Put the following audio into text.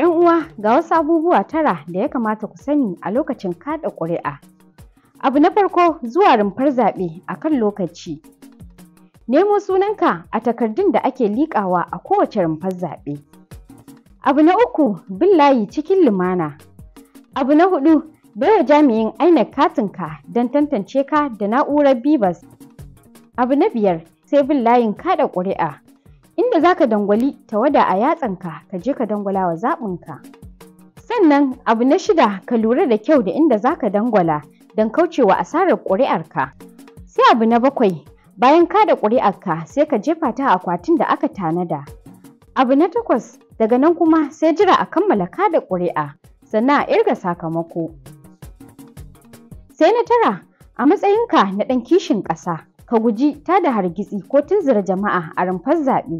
'Yan uwa ga wasu abubuwa tara da ya kamata ku sani a lokacin kaɗa ƙuri'a. Abu na farko zuwa rumfar zaɓe a kan lokaci. Nemo sunanka a takardun da ake liƙawa a kowace rumfar zaɓe. Abu na uku bin layi cikin lumana. Abu na hudu baiwa jami'in ainar katinka don tantance ka da na'urar bibas. Abu na biyar sai bin layin kaɗa ƙuri'a. inda za ka dangwali tawada a yatsanka ka je ka dangwala wa zaɓinka. Sannan abu na shida ka lura da kyau da inda za ka dangwala don kaucewa asarar ƙuri'arka. Sai abu na bakwai bayan ka da ƙuri'arka sai ka jefa ta a akwatin da aka tanada. Abu na takwas daga nan kuma sai jira a kammala ka da ƙuri'a sannan a irga sakamako. Sai na tara a matsayinka na ɗan kishin ƙasa ka guji tada hargitsi ko tunzura jama'a a rumfar zaɓe.